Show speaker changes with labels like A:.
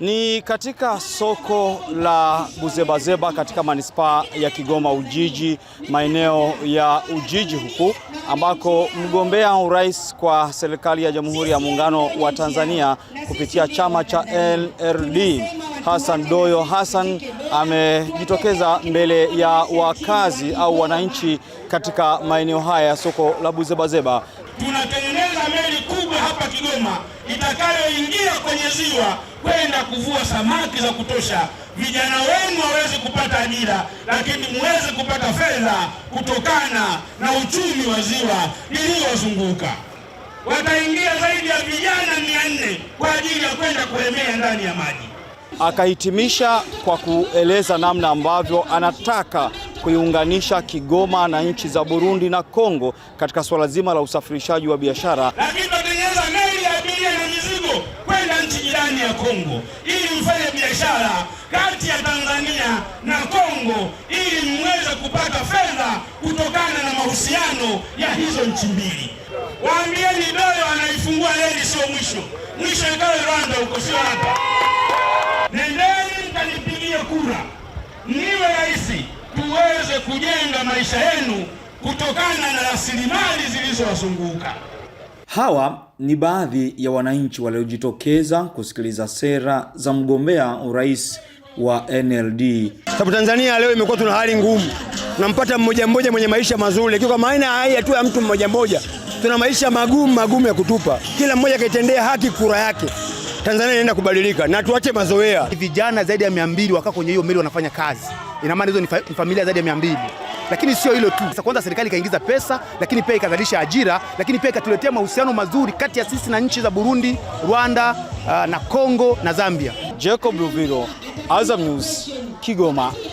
A: Ni katika soko la Buzebazeba katika manispaa ya Kigoma Ujiji, maeneo ya Ujiji huku ambako mgombea urais kwa serikali ya Jamhuri ya Muungano wa Tanzania kupitia chama cha NLD Hassan Doyo Hassan amejitokeza mbele ya wakazi au wananchi katika maeneo haya ya soko la Buzebazeba.
B: Tunatengeneza meli kubwa hapa Kigoma itakayoingia kwenye ziwa kwenda kuvua samaki za kutosha, vijana wenu waweze kupata ajira, lakini muweze kupata fedha kutokana na uchumi wa ziwa iliyozunguka Wataingia zaidi ya vijana mia nne kwa ajili ya kwenda kuemea ndani ya maji.
A: Akahitimisha kwa kueleza namna ambavyo anataka kuiunganisha Kigoma na nchi za Burundi na Kongo katika swala zima la usafirishaji wa biashara
B: ndani ya Kongo ili mfanye biashara kati ya Tanzania na Kongo ili mweze kupata fedha kutokana na mahusiano ya hizo nchi mbili. Waambieni Doyo anaifungua leli sio mwisho. Mwisho ikawe Rwanda huko, sio hapa. Nendeni mkanipigie kura niwe rais, tuweze kujenga maisha yenu kutokana na rasilimali zilizowazunguka.
A: Hawa ni baadhi ya wananchi waliojitokeza kusikiliza sera za mgombea urais wa NLD.
C: Sababu Tanzania leo imekuwa tuna hali ngumu, tunampata mmoja mmoja mwenye maisha mazuri, lakini kwa maana haya tu ya mtu mmoja mmoja, tuna maisha magumu magumu ya kutupa. Kila mmoja akaitendea haki kura yake. Tanzania inaenda kubadilika na tuache mazoea.
D: Vijana zaidi ya 200 wakaa kwenye hiyo meli wanafanya kazi, ina maana hizo ni familia zaidi ya 200. Lakini sio hilo tu. Sasa kwanza serikali ikaingiza pesa, lakini pia ikazalisha ajira, lakini pia ikatuletea mahusiano mazuri kati ya sisi na nchi za Burundi, Rwanda ah, na Kongo na Zambia.
A: Jacob Rubiro, Azam News, Kigoma.